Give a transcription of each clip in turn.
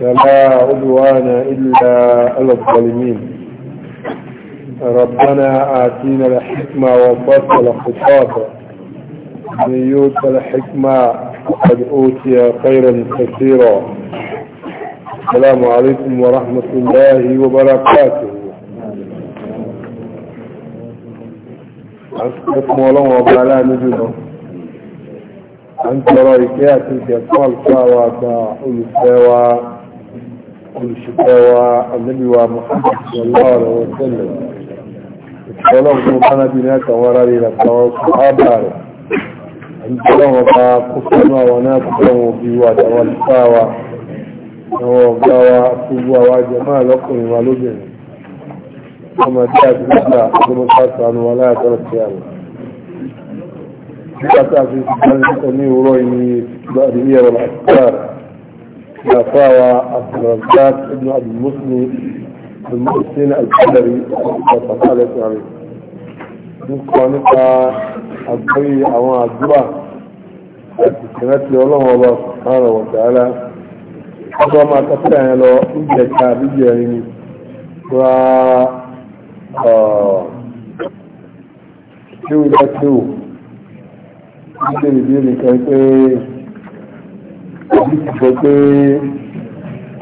فلا عدوان إلا على الظالمين ربنا آتينا الحكمة وفصل الخطاب من الحكمة قد أوتي خيرا كثيرا السلام عليكم ورحمة الله وبركاته أسكتكم وبعلا أنت رأيك يا في أطفال كاوة كأولي olùṣèkọwà annabiwa muhammad sallallahu alaihi wasallam ìṣọ́lọ́ fún kánàbí ní àtàwọn ará rẹ̀ àtàwọn sọ́hábà rẹ̀ àjíjọ́wọ́ bá kúfẹ́nú àwọn náà kúfẹ́wọ́ bí wà àtàwọn ìfáwà àwọn ọ̀gá wa gbogbo àwọn àjẹmọ́ àlọ́kùnrin ọmọ tí a ti gbà ọdún pàtàkì àwọn nígbà tí a fi ti gbà ní ìwúrọ̀ yìí ìgbà ìyẹ̀rọ̀ àti يعطاها عبد الرزاق ابن أبي المسلم المحسن الحضري وصفالة عليه nípa nípa àgbóyé àwọn àdúrà àti ìrántí ọlọ́run ọba ọ̀rọ̀ ọ̀dáàlá ọba máa tọ́sí àyẹn lọ ìjẹta àbíjẹ ẹni ra ṣíwú dá ṣíwú ìṣèlú bí nìkan pé àbí ti sọ pé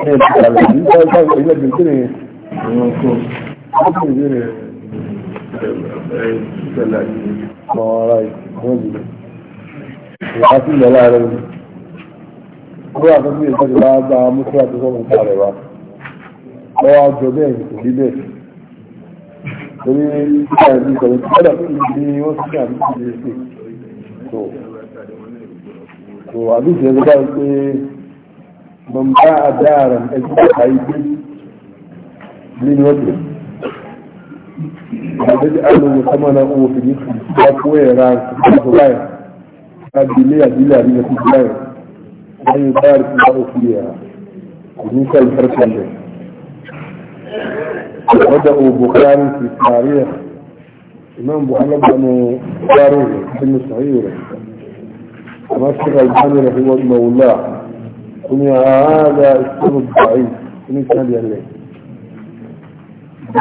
ẹ ti kàlẹ̀ ní sáyẹ́sá ìpínlẹ̀ bìkínì ọkùnrin bìkínì ọ̀rá ìwọ̀n jùlọ ìwà sí ìlẹ̀ láàárọ̀ ni ó wà tó bí èso ti bá gba mọ́tò àti sọ́mù ìta rẹ̀ wá lọ́wọ́ àjọ bẹ́ẹ̀ kò rí bẹ́ẹ̀ torí to àdúgbò ẹgbẹ́ bá pé bọ̀m̀bá àdáàrà ẹgbẹ́ àìgbé nínú ọ̀dọ̀ àgbẹ́jẹ́ àlòwò sọ́mọ́nà owó fìdí ìgbà fún ẹ̀rà ìgbàgbọ́ báyìí abilé abilé abilé ti bila yẹ wọn yóò bá àrùn bá òkú yẹ kò ní sọ ìfẹsẹ lẹ ọdọ òbò kárí ti sàárẹ imam buhari bá mu sáré rẹ nínú sàárẹ rẹ. ومسك الباني رحمه الله قل هذا السر الضعيف من سبيل الله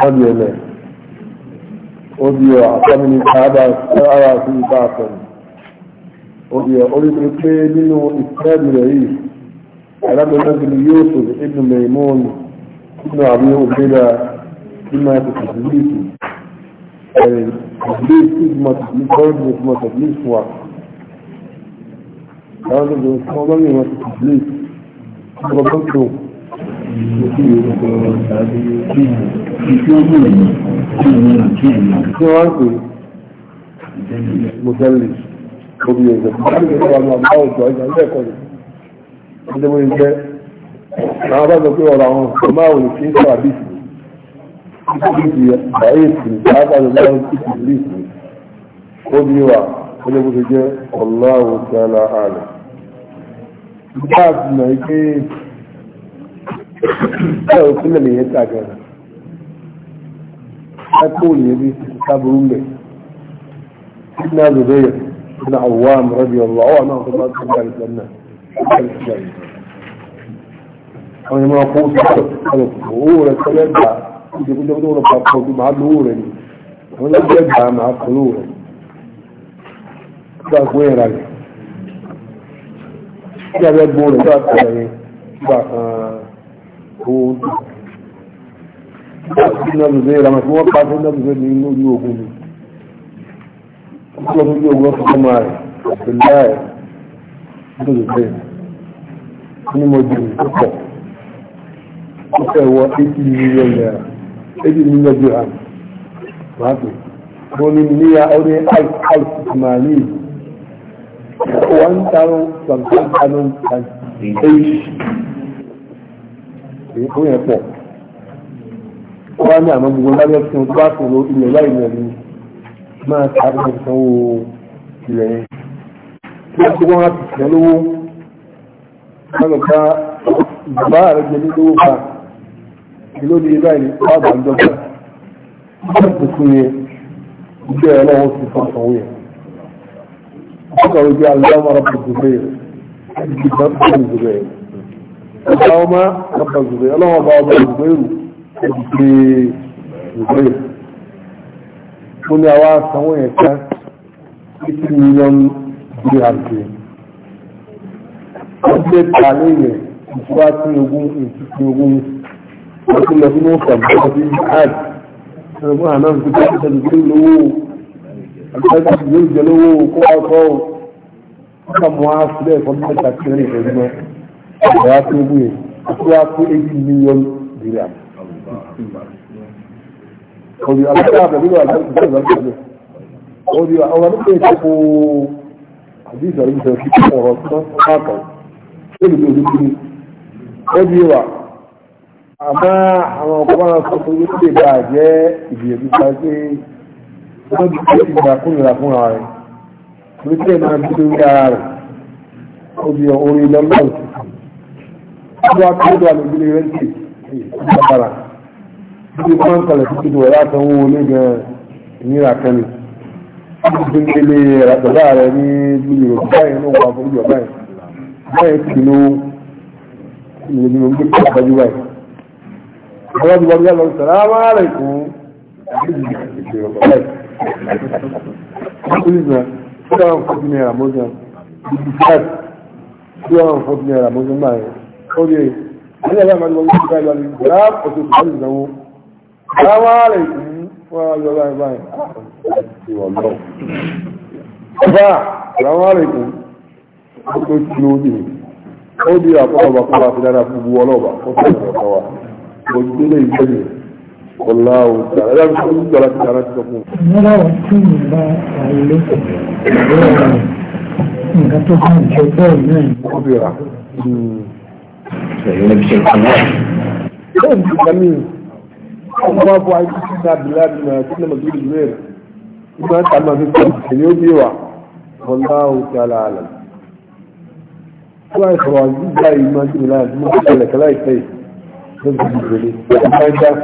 سبيل الله أوديو أعطاني هذا السر في باطن أوديو أريد أن منه إسلام رئيس على ابن يوسف ابن ميمون ابن أبي عبيدة بما تتحدث التحديث إجمع تحديث وإجمع تحديث وقت àwọn olóògbé tí wọ́n lórí wọn ti kìlé ọgbọ́n tó tó tí wọ́n ń pè mọ̀tẹ́lì orí ẹ̀jẹ̀ láti ẹ̀kọ́ àwọn àbá òjò ọjà ilé ẹ̀kọ́ rẹ̀ ọdún mọ́ ìjẹ́ àwọn bá sọ pé ọ̀rọ̀ àwọn ọ̀sán máa wò kí ń sọ àbísì ìdíjì àìsì àbájọ máa ń tìkì ìlú ìsìn ó bí wà ó lè bó ṣe jẹ́ ọ̀láwọ̀ tí a lá àlẹ́ بعد ما يجيب لا وكل اللي يتعجل أقول يبي تقابلون به إن هذا غير إن عوام رضي الله عنه ما أخذ الله تعالى لنا أنا ما أقول صدق أنا أقول أتلبى إذا كنت أقول أبقى أقول مع نور أنا أتلبى مع قلور هذا وين رأيك kí abẹ́ gbọ́n rẹ̀ tó àtúnyẹ̀ rẹ̀ gbà kan owó tó. nígbà tí iná lùzẹ́ yẹn làmọ̀ tí wọ́n pa iná lùzẹ́ ní inú ojú ogun ni. wọ́n tún ojú ogun ọ̀sán fún máa rẹ̀ ọ̀sẹ̀ láì ní lùzẹ́ yẹn. ní mo jù ní púpọ̀ ó fẹ́ wọ eighty million naira eighty million dirham one thousand from ten thousand and eight èyí tó yẹn pọ̀ ó wá ní àmọ́ gbogbo lábẹ́ tí wọ́n bá sọ̀rọ̀ ilẹ̀ láì lẹ̀ ní máa tàbí ìsanwó ilẹ̀ yẹn tí wọ́n ti wọ́n á ti tẹ̀ lówó wọ́n lọ bá ìgbà rẹ̀ jẹ ní lówó kan ìlú ní ilé ìlú ọ̀bà ń dọ́gba wọ́n ti pèsè yẹn ìgbé ẹ̀ lọ́wọ́ sí fún ìsanwó yẹn suka rufe allama rabbar zubair rabbar zubair allama rabbar zubair allama ba ba zubairu ke zubair wọ́n ni àwọn sanwó yẹn ká 80 million drc wọ́n gbé tààlé yẹn ìtura tí ogun ìtìsí ogun wọ́n ti lọ sí ní ọ̀sán bí wọ́n ti ń hajj ẹ̀rọ àná ìgbésẹ̀ ìgbésẹ̀ lówó àgbẹ̀ká ti yóò jẹ lówó kó wá kọ́ ọ́ wọ́n kà mọ́ á sílẹ̀ fún mẹ́ta tí wọ́n lè fẹ́ gbọ́ ọ̀rọ̀ á tó gbé àti wá tó eighty million naira. òbí àgbẹ̀ká àbẹ̀bí wà lọ́wọ́ ìgbà ìgbà òbí àwọn àdúgbò ìtàkù àdìsọ̀ ìgbà ìgbà ọ̀rọ̀ tó máa kàn lórí òbí kiri òbí wa àmọ́ àwọn ọkọ̀ máa sọ pé ó lè bàjẹ́ ìgbìyànjú pàṣẹ wọ́n ti tẹ́ ìgbà kúrìlà fún ara rẹ̀ torí tẹ́ máa bí lórí ara rẹ̀ ó di orí lọ́lọ́rùn tó wá tó dà lóbi lè rẹ́ǹtì ìgbàgbára bí wọ́n ń kọlẹ̀ títí tó wọ́n sanwó olé gan ìnira kan ni wọ́n ti fi lè bàbá rẹ̀ ní bí yorùbá báyìí ní òun àfọwọ́ yorùbá báyìí ti ní ìlú ní oúnjẹ kí àbájú báyìí wọ́n ti wọ́n bí wọ́n lọ sọ̀rọ̀ àwọn ará ìkún àbí ìgbà ìgbèrò bàbá yìí kúrìsìnà two hundred forty naira mọ́sán bíbí five two hundred forty naira mọ́sán máa yẹ ó lè ní ẹ̀rọ àmàlẹ́ wọn kúrìsìnà ìlú àlejò gbàrà ọ̀sẹ̀ tó lè náwó gbàrà wà lè fún wọn àjọ báyìí báyìí àti wọn lọ. ọba gbàrà fún gbogbo ọlọ́ọ̀bà ó tó ń rọ̀ kọ́ wa والله تعالى لا تقول ولا تعالى تقول ولا وكين با عليكم nǹkan tó kàn jẹ bọ́ọ̀lù náà ní kóbìrà. ṣèyí ló fi ṣe kàn náà. bẹ́ẹ̀ ni kàmí ọmọ bá bọ́ àìsí sí náà bí láti náà sí náà mọ̀tò ìlú rẹ̀ nígbà tá a máa fi kọ́ ìṣẹ̀lẹ̀ ó bí wa bọ́lá ó ti ala àlà. wọ́n á sọ̀rọ̀ àti ìgbà yìí máa ń jìnnà láti mú kí ẹ̀lẹ́kẹ́lá ìfẹ́ yìí ló ń fi ìrẹ̀lẹ̀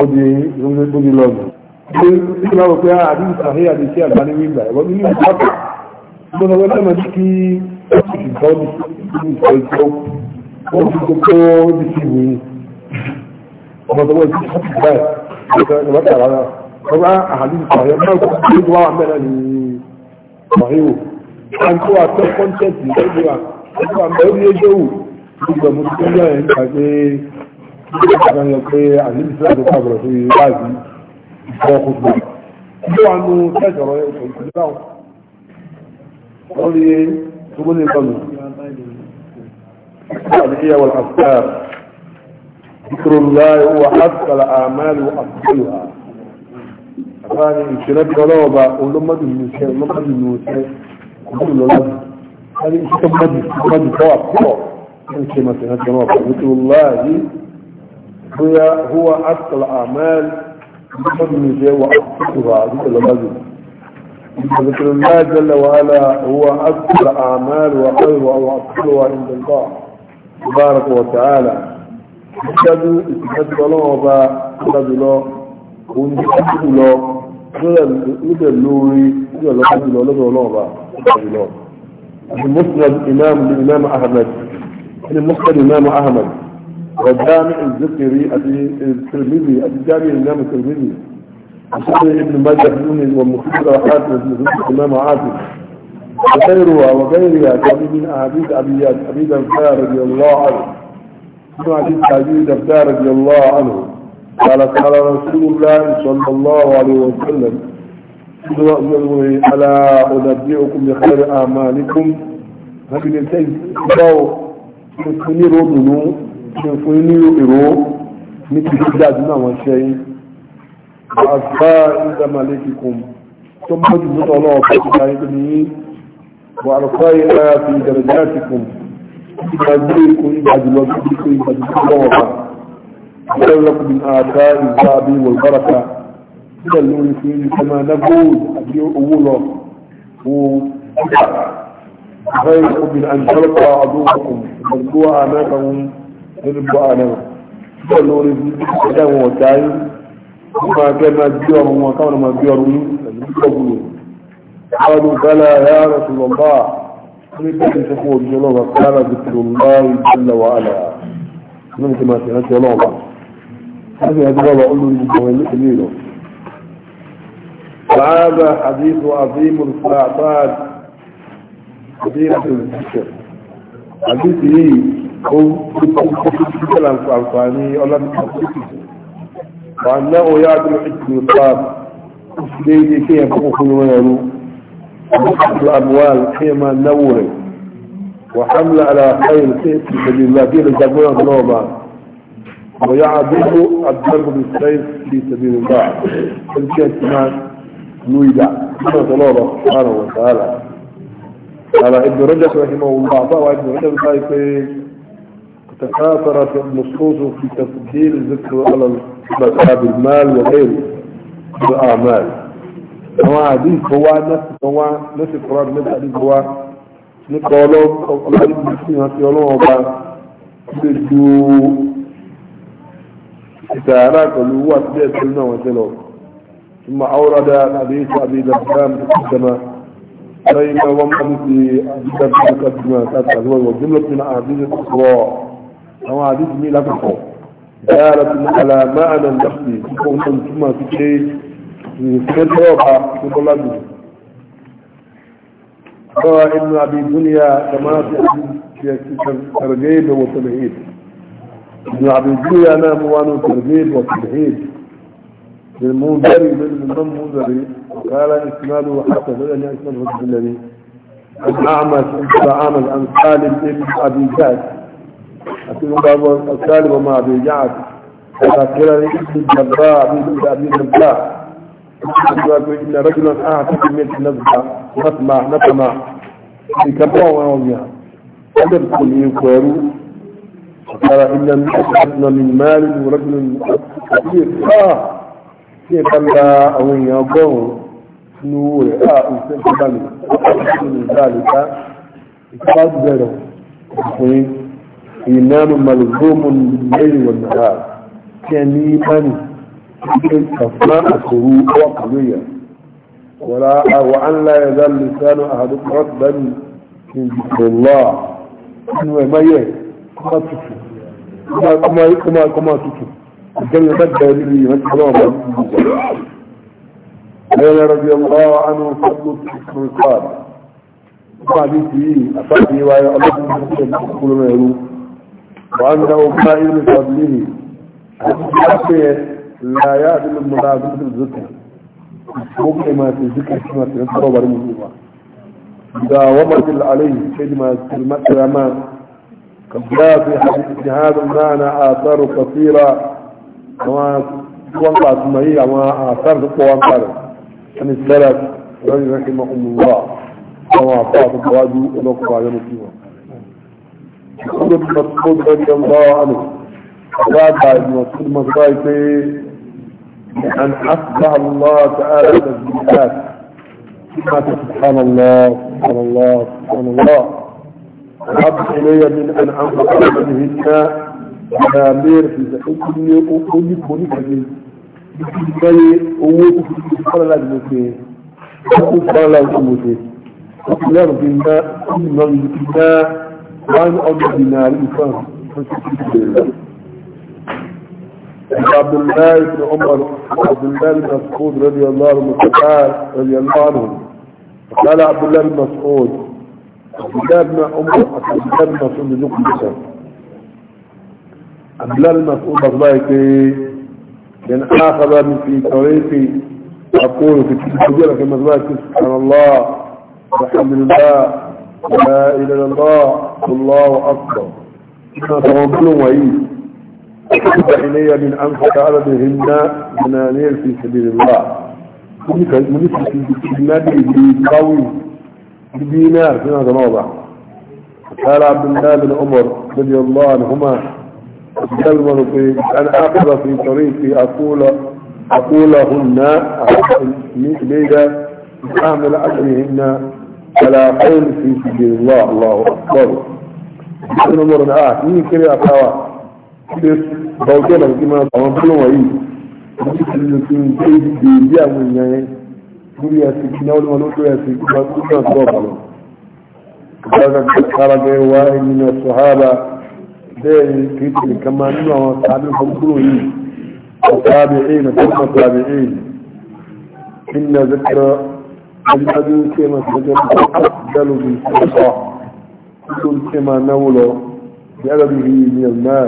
ọdí ìrúnlẹ́gbóni lọ́nà ṣe ìgbà wọ́n pé àdúgbò sàrí àdíṣẹ́ àgbáni wíńdà ẹ̀wọ́n ní ìlú pápá gbọ́nà wọ́n tẹ́mọ̀ sí kí ọ̀sìn kan ní ìlú ìtọ́ wọ́n fi kókó ní sí ìwé ọmọ tó wọ́n ti sọ́ọ̀tì báyìí ọ̀sẹ̀ ìwọ́tà rárá wọ́n bá àdúgbò sàrí ọmọ tó wọ́n wà mẹ́rẹ̀ ní mọ̀híwò àǹtó àtọ́ kọ́ńtẹ́ẹ̀tì ìgbà mọ̀ ganye pe alim se do pa gbọ si baji bo ko gbọ do anu se joro e ko ti dawo oli to bo ni ko mi alikiya wal afkar ذكروا الله هو حق الأعمال وأفضلها فاني إشرب غلوبة أقول لهم مدى النساء ما قد النساء قبول الله فاني إشرب مدى مدى طواب طواب إن كما سنة غلوبة ذكروا الله هو هو أصل الأعمال من جوا ذكر الله جل وعلا هو أصل الأعمال وقلب وأصلها عند الله تبارك وتعالى يشهدوا يشهدوا الله وبا يشهدوا الله ونشهدوا الله ولد اللوري ولد الله ولد الله ولد الله ولد الله المسند إمام الإمام أحمد المسند إمام أحمد وجامع الذكري الترمذي الجامع الإمام الترمذي وسنن ابن ماجه بن ومختصر حاتم الإمام عاصم وغيرها وغيرها كان من أحاديث أبي أبي درداء رضي الله عنه من حديث أبي درداء رضي الله عنه قال قال رسول الله صلى الله عليه وسلم ألا أنبئكم بخير أعمالكم هل ينتهي الله يكون ṣe fún ní ìró ní ti tó dájú náà wọ́n ṣe yín àgbà ìdámalẹ̀ ti kùn tó mọ́jú mọ́tò ọlọ́wọ́ fún ìgbà yín tó ní yín wà àrùkọ́ ìlà fi ìdàrẹ̀dà ti kùn ìgbà gbé ikú ìgbà jùlọ sí ikú ìgbà jùlọ lọ́wọ́ bá ọ̀rẹ́ lọ́kùnrin àgbà ìgbà bí wọ̀lbáraka sílẹ̀ lórí fún yín kọ́mọ nágbóòdù àbí owó lọ owó غير قبل أن تلقى عدوكم مجموعة أمامهم nínú bọ́ àná bọ́ lórí ẹ̀dá wọn ọ̀tá yín wọ́n máa kẹ́ máa bí ọrùn wọn káwọn máa bí ọrùn yín pẹ̀lú púpọ̀ gbòòrò àwọn olùkọ́lá ẹ̀yà rẹ̀ tó lọ́mọ́ à ní bẹ́ẹ̀ sọ fún òbí ọlọ́wà kára ti tó lọ́ ìjọba wàhálà nínú ti máa tẹ̀rántí ọlọ́wà láti ẹ̀dá bọ́ọ̀lù olórí ìjọba ilé ìlú ìlọ. هذا حديث عظيم الفاعتاد كثيرة الذكر حديث كلا الفاني ولا وأنه الأموال كيما نوري وحمل على خير كيف سبيل الله كيف يجمعون نوبة ويعدل الضرب بالسيف في سبيل الله شيء كمان نويدا كما الله سبحانه وتعالى على ابن رجب رحمه الله فهو رجب قال تكاثرت النصوص في تفضيل الذكر على البقاء المال وغير الأعمال هو حديث هو نفس هو نفس القرآن نفس حديث هو نقولون أو nípa àti ọlọ́run ọba lè ju ìtààrà pẹ̀lú owó àti bẹ́ẹ̀ ثم أورد حديث أبي دبام تقدم بين ومن في أبي المقدمة تقدم تقدم وجملة من أحاديث الأخرى àwọn àdúgbò mi lákòókò dára tó ní àlàmà àná ìdàkùnì púpọ̀ náà túmọ̀ sí pé ìrìnfẹ́ tọ́ọ̀bà tó bọ́lá jù قال ابن ابي دنيا كما في الترغيب والتمهيد ابن ابي دنيا انا موان الترغيب والتمهيد للمنذر من المنذر قال اسناده حتى لن يسمعه الذي الاعمش اعمل عن سالم ابي جاد أكيد بابا السالب وما بيجعك فذكر لابن الجراء بن أبي الجراء إن رجلا أعتقد من نزبة نسمع نسمع في كبوة ونوميا يعني. قدر كل ينكويرو ترى إن أدنى من مال ورجل كبير آه كيف لا أوين يقوم نور آه إنسان كبير من ذلك إتباد غيره إيمان ملزوم بالليل والنهار كان إيمان كفاء الخروج وقضية ولا وأن لا يزال لسان أحدكم ربا من ذكر الله إن ما يهي كما تسو كما كما كما كما الجنة بدأ لي ما تسلم قال رضي الله عنه صلى الله عليه وسلم قال حديثي أصحابي وأنا أقول لكم ما يروي وأنه قائل قبله لا يأكل المنافق بالذكر ممكن ما تذكر كما تنصر برمجوها إذا وضعت عليه كلمة كلمة ما قد جاء في حديث هذا المعنى آثار كثيرة وما توقع سمعية وما آثار تتوقع عن يعني السلف رحمه الله وما أعطاه الواجب ولقب على مسلمه يقول ابن رضي الله عنه فقال ابن مسعود مصدايته أن أصبح الله تعالى تسبيحات كما سبحان الله سبحان الله سبحان الله أحب إلي من أن أنفق على مير في زحمتني كل لكم كل owó كل ìgbòkè كل ìgbòkè كل ìgbòkè كل ìgbòkè 100 دينار فرنسا عبد الله بن عمر عبد الله بن مسعود رضي الله عنه رضي الله عنه قال عبد الله بن مسعود عبد الله بن عمر عبد الله بن مسعود يقول بشر عبد الله بن مسعود مصباحي من اخذ من في طريقي اقول في كل كما مصباحي سبحان الله والحمد لله لا إله إلا الله الله أكبر إنا توكل وعيد أحب إلي من أنفق بهن جنانير في سبيل الله منك في النبي بقوي بدينار في هذا الموضع قال عبد الله بن عمر رضي الله عنهما أتكلم في أن أقرأ في طريقي أقول أقولهن أحب إلي من أعمل أجرهن على قول في سبيل الله الله أكبر إن عمر آه مين كري أكاوا بس بوجنا كما تمام كلهم أي لكن دي بيجي من يعني كل يسكن أول ما نقول يسكن ما كنا نتوقع هذا خرج واي من الصحابة ده كتير كما نوع صحابهم كلهم التابعين ثم التابعين إن ذكر dájúdájú tí ẹ máa ti gbẹgbẹ nípa àtijọ́ bí ìṣẹ́sọ́ tó tí ẹ máa náwó lọ bí ẹ̀rọ bí ìrìn ìrìn náà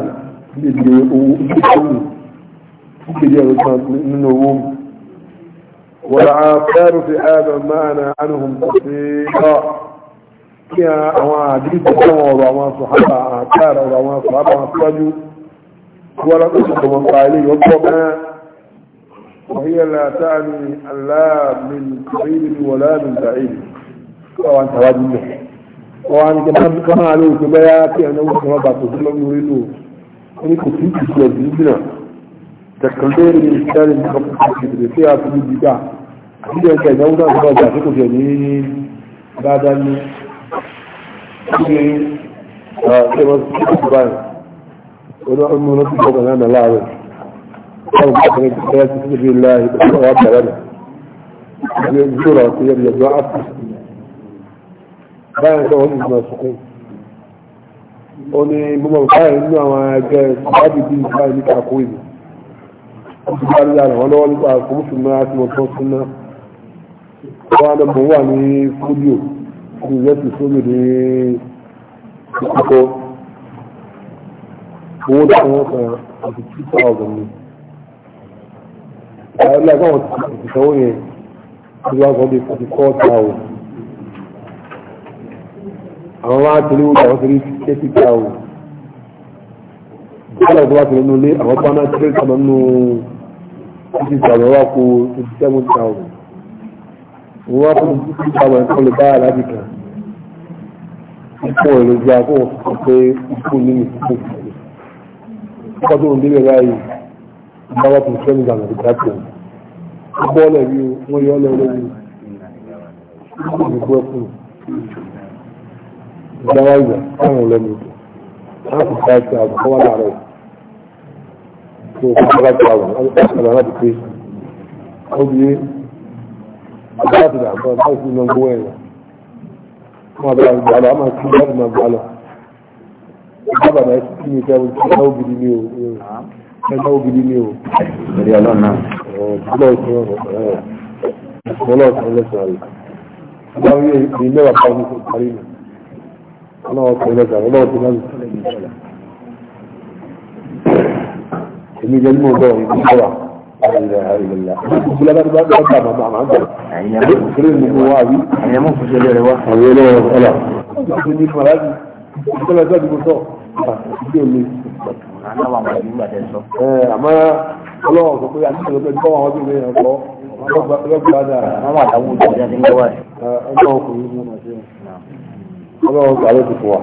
lè di owó ìṣẹ́sọ́wù tó kéde ẹ̀rọ kan nínú owó wọ́n á fẹ́rù fi ààbẹ̀ máa na ànihùn pàṣẹ lọ kí àwọn àdìsí àwọn ọ̀rọ̀ àwọn sọ̀hábà àtàrà ọ̀rọ̀ àwọn sọ̀hábà wọn síwájú wọ́n á tó sọ̀rọ̀ wọn pa ilé yọ̀ọ́ وهي لا تعني لا من قريب ولا من بعيد وعن تواجده وعن كمان كمان عليه كبايا كي أنا وكما بعض الظلم يريدوا أني كتير كتير جدا تكلير الإنسان اللي قبل كتير فيها في البداع كتير كي نوضع كما بعضكم جنين بعد أن كتير كما سيكون بعض ونحن نتبقى لنا لا أو بحرج لا تسجد الله وعبد ولا يجرى في يد يدعى báyìí sọ wọ́n ìgbìmọ̀ ṣùkún ó ní gbogbo báyìí nínú àwọn ẹgbẹ́ ìgbàdì bí báyìí ní kàkó ìlú ó ti bá lóyà àwọn lọ́wọ́ nípa àkókò náà àti ọ̀tọ́ súnná wọ́n á lọ́gbọ̀n wà ní fúdíò ní ìrẹsì sómi ní ìkókó owó tí wọ́n san àti two thousand ní ọ̀lá ẹ̀gbọ́n ìṣòwò yẹn ìlú àgbọ̀n bíi forty four thousand àwọn wá tẹ̀lé wọ́n àwọn tẹ̀lé thirty thousand ìṣẹ́lẹ̀ tó wá tẹ̀lé nínú ilé àwọn tó wá náà tẹ̀lé tọ̀nà nínú fifty thousand wá kó twenty seven thousand wọ́n wá fún fifty thousand kọ́ lè bá aláàbì kan fún èròjà fún òfin báwa kò fẹ́ nígbà lọ́dún dákẹ́ ó bọ́ ọ̀lẹ̀ o wọ́n yọ ọ̀lẹ̀ lórí ìgbà ìgbà ẹkùn ìgbàwá ìgbà káwọn lẹ́nu láti bá ẹsẹ̀ àgbà kọ́ wá láàárọ̀ tó o kọ́ bá ti àwọn ọ̀sán láti pé ó bí láti dà bọ́ láti fi lọ gbọ́ ẹ̀yà wọ́n bá ìgbà lọ àmà kí láti máa gbà lọ. Bábà náà kí ni ìfẹ́ wọn ti ṣe ọ́ gidi ní o. ẹgbẹ́ ògidì ni o. Ẹ̀rí ọlọ́run náà. Ọ̀gbọ́n ìṣòro ọlọ́run lẹ́sọ̀rọ̀ rẹ̀. Ọba wí ní ilé wà pàdé fún parí mi. Ọlọ́run kò lẹ́sọ̀rọ̀ ọlọ́run ti lẹ́nu. Èmi jẹ́ nínú ọgbọ́n ìlú ìjọba. Àyẹ̀mú kò ṣe lè rẹ̀ wá. Àwọn ẹlẹ́wọ̀n ọ̀la. Ó ti ní ìfọ̀lájú. Ìfọ̀lájú àdúgbò sọ̀. Àti ìdí òní. aláwọ̀ àwọn ìlú àti ẹ̀sọ́. àmọ́ ọlọ́wọ́ sọ pé àti ìṣẹ̀lẹ̀ pẹ̀lú báwọn ọdún ilé ẹ̀kọ́ ọlọ́wọ́ àdáwọ̀ ìjọba ti ń gbọ́wà rẹ̀. ọlọ́wọ́ kò ní mú ọmọ sí ọlọ́wọ́ gbà ló ti fò wá.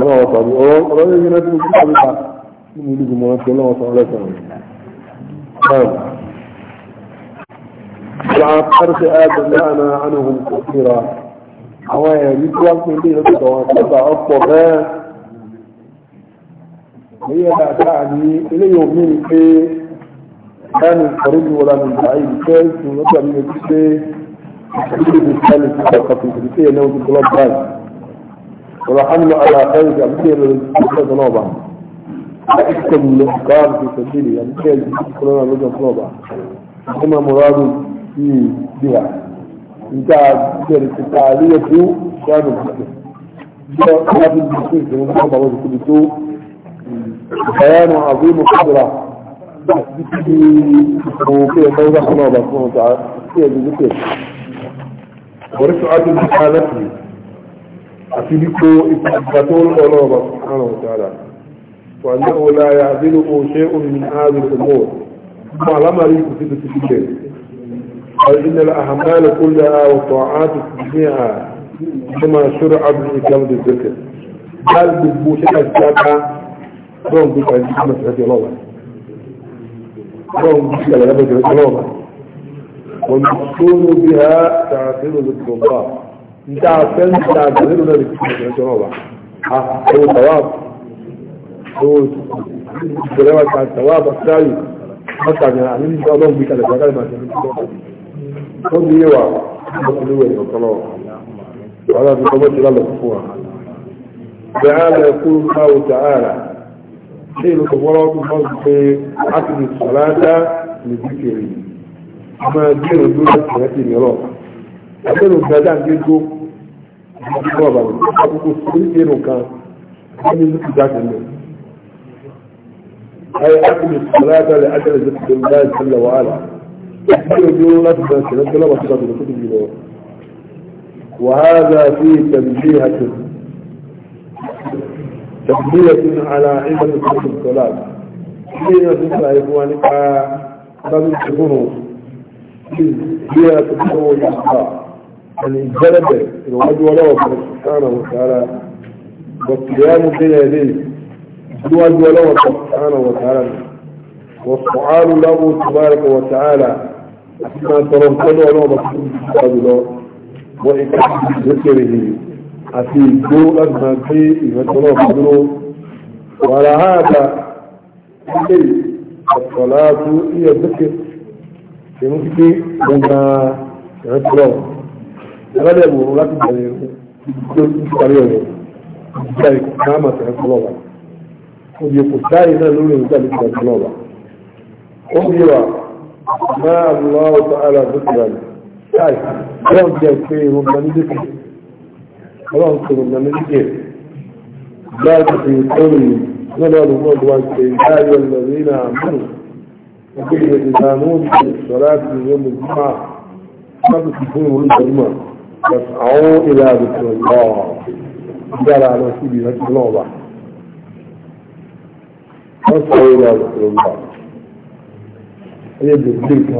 ọlọ́wọ́ sọ ní ọ̀rọ̀ ní ìgbìmọ̀ tí mo ti kọ́ nípa nínú ìlú ìgbìmọ̀ tí ọlọ́wọ́ sọ lẹ́sẹ̀ وعقرت آدم لعنى عنهم كثيرا àwọn ẹ̀rí tí wọ́n pín ní ìrọ́pẹ̀tọ̀ wọn tó gbà ọ̀pọ̀ bẹ́ẹ̀ هي تعني إلى يوم من كي كان القريب ولا من بعيد كي ونطلع من كي تحديد الثالث حلقة الفريقية نوز الغلاب بعيد ورحمنا على خير جميع الوزيز نوبة أحكم الأحكام في سبيلي يعني كي يقولنا الوزيز نوبة هما مراد في بها انتا كانت التعالية كانوا بحكم جاء قابل بسيطة ونحن بعوض كل بيان عظيم قدرة وكيف توضح الله سبحانه سبحانه وتعالى وأنه لا يعدله شيء من هذه الأمور ما لم في قال إن الأهمال كلها وطاعات جميعها كما شرع بالإسلام الذكر بل بالبوشة الشاكة لهم بيك عند محمد رضي الله عنه لهم بيك على نبي رضي الله عنه والمقصود بها تعطيل ذكر الله انت عارفين تعطيل ذكر الله ها هو ثواب هو كلامك عن ثواب الثاني حتى يعني ان شاء الله على جلال ما تعمل خذ يوا خذ يوا وعلى بقوة الله كفوها تعالى يقول الله تعالى حين تبرد مصر عقد الصلاة لذكره أما دين الدولة سنتين يا رب أبنوا بدان جيدكم أبنوا بدان جيدكم أبنوا كان أبنوا ذكر ذات النبي أي أقل الصلاة لأجل ذكر الله جل وعلا أبنوا دين الله سبحانه وتعالى وصلاة الله وهذا فيه تنبيهة مبنية على عبادة الصلاة هي تسعى إخوانك باب الجنوب هي يعني تدعو الإخلاء أن الجلبة الوجه له سبحانه وتعالى والقيام بين يديه الوجه له سبحانه وتعالى والسؤال له تبارك وتعالى ما ترون كل له وإكرام ذكره àti ìgbó láti máa gbé ìrẹ́tọ́ náà dúró wàrà áàdà ilé ọ̀tọ̀láàtú iye dókè ìmú títí gbọ́nà ìrẹ́tọ́ náà ẹlẹ́dẹ̀ wòrò láti bẹ̀rẹ̀ ìgbó ìparí ọ̀rọ̀ ìgbà ìkọ̀káàmà ìrẹ́tọ́ náà ó di kò sáyé náà lórí ìgbà ìrẹ́tọ́ náà ó di wà máa lọ́wọ́ tó ara dókè rẹ̀ káì bọ́ọ̀ jẹ́ pé ìrọ̀mọ́ ní dókè ọlọ́run tó lọ méjì láti fi tóri lọ́lọ́run náà wá ṣe láàyò lọ́rí náà mú ọgbẹ́ ìwé ìdánú sọ̀rọ̀ àti ìwé mọ̀júmọ́ láti fi fún ìwé mọ̀júmọ́ yàtọ̀ àwọn ilẹ̀ àdùkù lọ́ dára lọ síbi ìrántí náà wà wọ́n sọ ilẹ̀ àdùkù lọ́ ẹ̀yẹ́ bèrè bèrè kan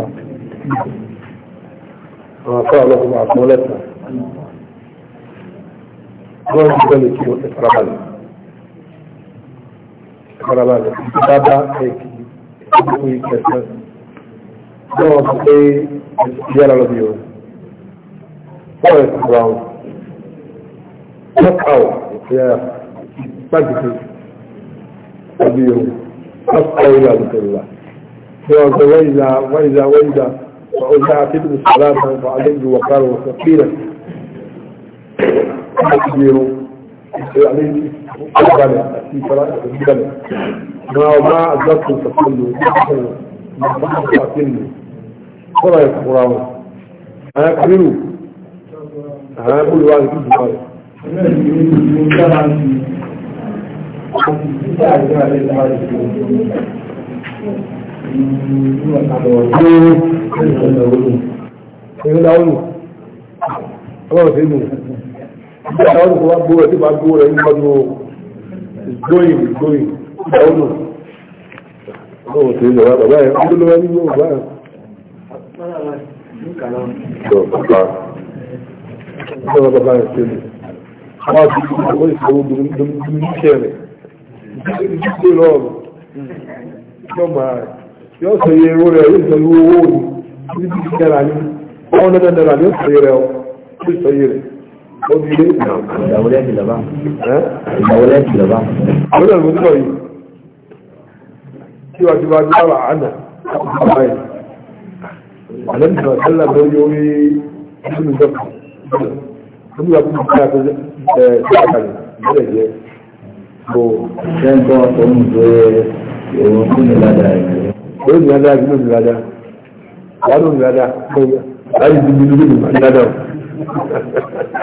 àwọn afọ́ àlọ́kùnrin àkọọ́lẹ́ta lọ́wọ́ ti bẹ́ẹ̀ lè kí o ẹ farabalẹ̀ ẹ farabalẹ̀ ìjọba ẹ̀kí ìdókòwò ìkẹsẹ̀ lọ́wọ́ sọ pé ìyára lọ́bi o lọ́wọ́ ẹ̀ fara o lọ́kà o ìfẹ́ gbàgbé lọ́bi o lọ́kà o ìlànà ìlà lọ́wọ́ sọ wáyìlà wáyìlà wáyìlà وأذاعت ابن السلام فعليه وقال وثقيلا ìgbèrò ìgbàlẹ̀ àti ìfara ìgbàlẹ̀ máa bá àgbàkùn sàfihàn ìgbàkùn sàfihàn kọ́lá ìfura wọn àwọn kírù àwọn olùwà ní ìjọba rẹ̀ Ìrìnlẹ̀ àwọn ọlọ́run ṣe é dùn. nígbà táwọn olùkọ́ bá gbó rẹ̀ tí bá gbó rẹ̀ nígbà tó gbóyìn gbóyìn nígbà ó nù. ó ti ń lọ́wọ́ bàbá yẹn ó lọ́wọ́ ní yóò bá yẹn. lọ́wọ́ bàbá yẹn ṣe lè. àwọn àti ìṣòro ìṣòro dominikẹ́ rẹ̀ ìdíje lọ́ọ̀rọ̀ yóò máa yóò sọ iye owó rẹ̀ yóò sọ iye owó òní ní bí kẹ́ra ní ọ̀nà dandan ní ó sọ iye rẹ̀ ó sọ iye rẹ̀ ó ti lé ìyàwó lẹ́ẹ̀kì lọ́ba ìyàwó lẹ́ẹ̀kì lọ́ba. àwọn ọ̀nà ìwé nígbà yìí tí wàá ti wá ní àwọn àánà àbá yìí àlẹ́ nìkan sẹ́lá bẹ́ẹ̀ yóò rí nínú ìjọba nínú ìjọba kúkú ká ẹ sọ́kàlì ìbílẹ̀ jẹ́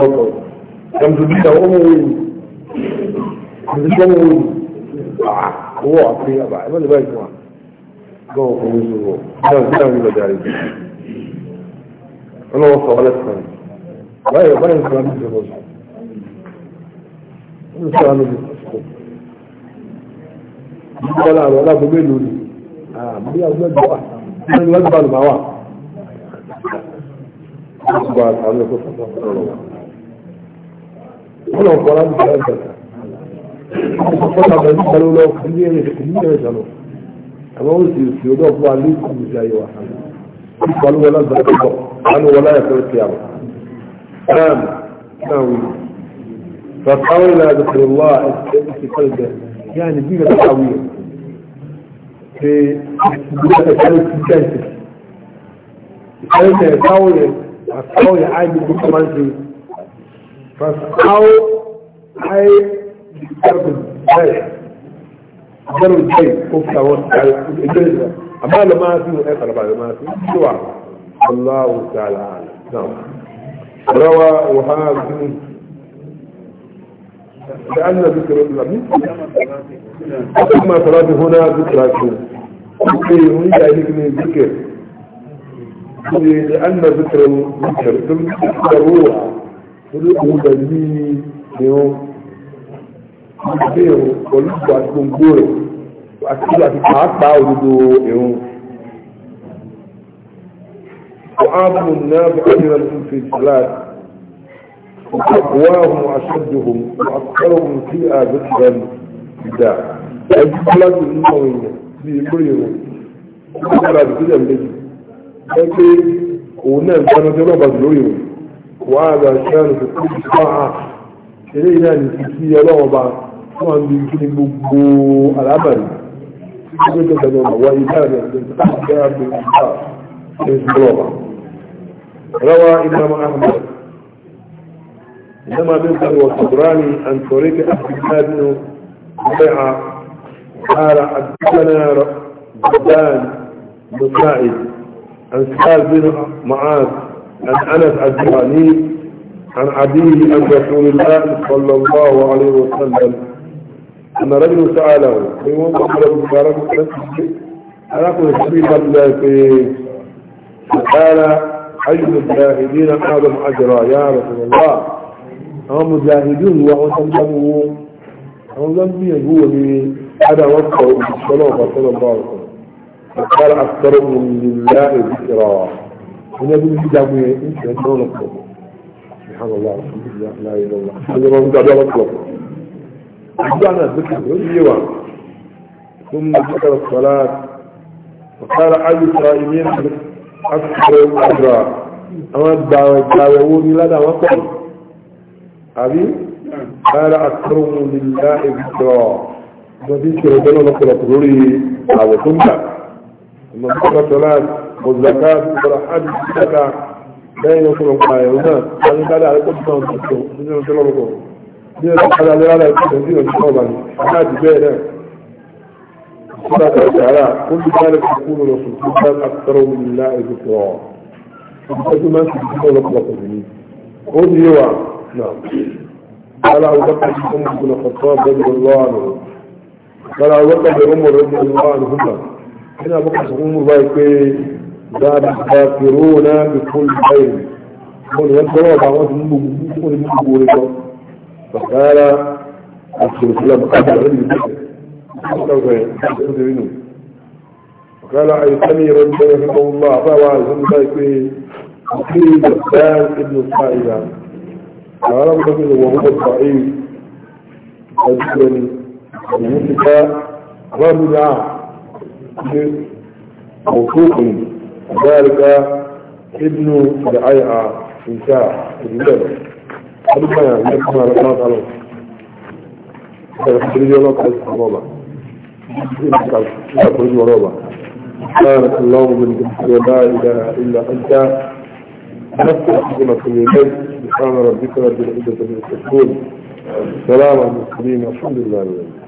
ọkọ̀ ẹ̀mdù bí i ọmọ wòye ẹ̀mdù bí ọmọ wòye àwọ̀ àti àbá ẹ̀mọ́ ìbá ìfún wa gbọ́n kò ní sọ̀rọ̀ náà bí àwọn ìlọ̀dà rẹ̀ wọn lọ́wọ́ sọ ọlẹ́sàn báyìí báyìí sọ àmì ìjọba sọ wọn sọ àmì ìjọba sọ wọn lọ́wọ́ àwọn alábọ̀ mélòó ni àmì ìjọba sọ wọn lọ́wọ́ gbogbo àtàwọn ẹ̀kọ́ tó fọ́n fọ́n lọ́wọ́. Wọ́n kọ́ láti bẹ̀rẹ̀ bẹ̀rẹ̀. Wọ́n kọ́ láti bẹ̀rẹ̀ bẹ̀rẹ̀ lọ fún ní ẹ̀rẹ̀ kò ní ẹ̀rẹ̀ sọ̀rọ̀. Àwọn ó sì fi ọdọ́ fún alẹ́ kù ní ayé wa. Ìpàlú wọn láti bẹ̀rẹ̀ bọ̀, àánú wọn láyà fẹ́rẹ̀ sí àwọn. Náàmù, náà wí. Fàtàwọn ìlà àdùkùn wà ẹ̀sẹ̀ ìfẹ́ ìfẹ́ يعني دي التعويض في بداية الثالث الثالث الثالث الثالث فاسقوا يعاني بكمان فاسقوا أي بكتاب البيع جر البيع كفتا الجزء أما لما فيه أكثر بعد ما فيه شو الله تعالى نعم روى وهذا لأن ذكر النبي أما صلاة هنا ذكر هنا ذكر هنا ذكر لأن ذكر المنكر ذكر الروح ذكره دليل يوم ìbéèrò pẹ̀lú ìgbà gbogbo rẹ̀ àti àti pàápàá òdodo ìrún. Wàhábù náà bí ọdún ọdún fi ṣàlàyé. Àkùwáhùn aṣọ́jòhùn àkọ́rọ̀hùn sí àgbẹ̀tìrán ìdá. Ẹjú láti nínú èèyàn bí ìlú ìrún. Ó kọ́ra àdúgbò méjì. ẹgbẹ́ òun náà gbọ́nà tí ọlọ́ba lórí òun wà á gba ṣẹ́yàn tó kú sí wáhà eré iná ní lọ́bà kí ọlọ́ọba wọn ń bí kí ni gbogbo alábàrí tí ó gbẹ́jọ́ عن سعد بن معاذ عن أنس الجهني عن عبيه عن رسول الله صلى الله عليه وسلم أن رجل سأله يوم قال المبارك أنا كنت شبيبا في فقال أي المجاهدين أعظم أجرا يا رسول الله هم مجاهدون وأسلموا هم لم يجوا بأنا وفقوا بالصلاة صلى الله عليه وسلم وقال أكثرهم لله ذكرا هنا يقول لي دعوة أنت إيه؟ أنت إيه؟ إيه؟ سبحان الله الحمد لله لا إله إلا الله الحمد لله رب العالمين رجعنا الذكر واليوم ثم ذكر الصلاة فقال أي صائمين أكثر أجرا أما الدعوون لا دعوكم أبي قال أكثرهم لله ذكرا وذكر ربنا نقول أقولي دعوكم لك المنطقة ثلاث والزكاة والحج الزكاة بين يوصل القاية وما هذا قال على كل ما نفسه نزل في الأرض نزل على على نزل في الأرض هذه بينا صدق تعالى كل ذلك يكون رسول الله أكثر من الله ذكرا وكل ما تقول لك لقبني قل يوا نعم قال أبو بكر بن الخطاب رضي الله عنه قال أبو بأم رضي الله عنهما هنا بقص أمور إيه؟ بايكي زاد الزاكرون بكل خير قول يدرى بعض المبوكون من قولك فقال أكثر سلام قبل علم بكر فقال أي خمير الله الله فهو عزم بايكي أخير بسال ابن الصائدة قال ابن وهو الضعيف أجلني ومسك رمي موثوق ذلك ابن دعيعة انتهى الجبل ربنا يكون على الله تعالى الله لله رب العالمين سبحانك من جمسك لا إله إلا أنت نفتح بما كل سبحان ربك رب العزة من التكون سلام على المسلمين الحمد لله رب العالمين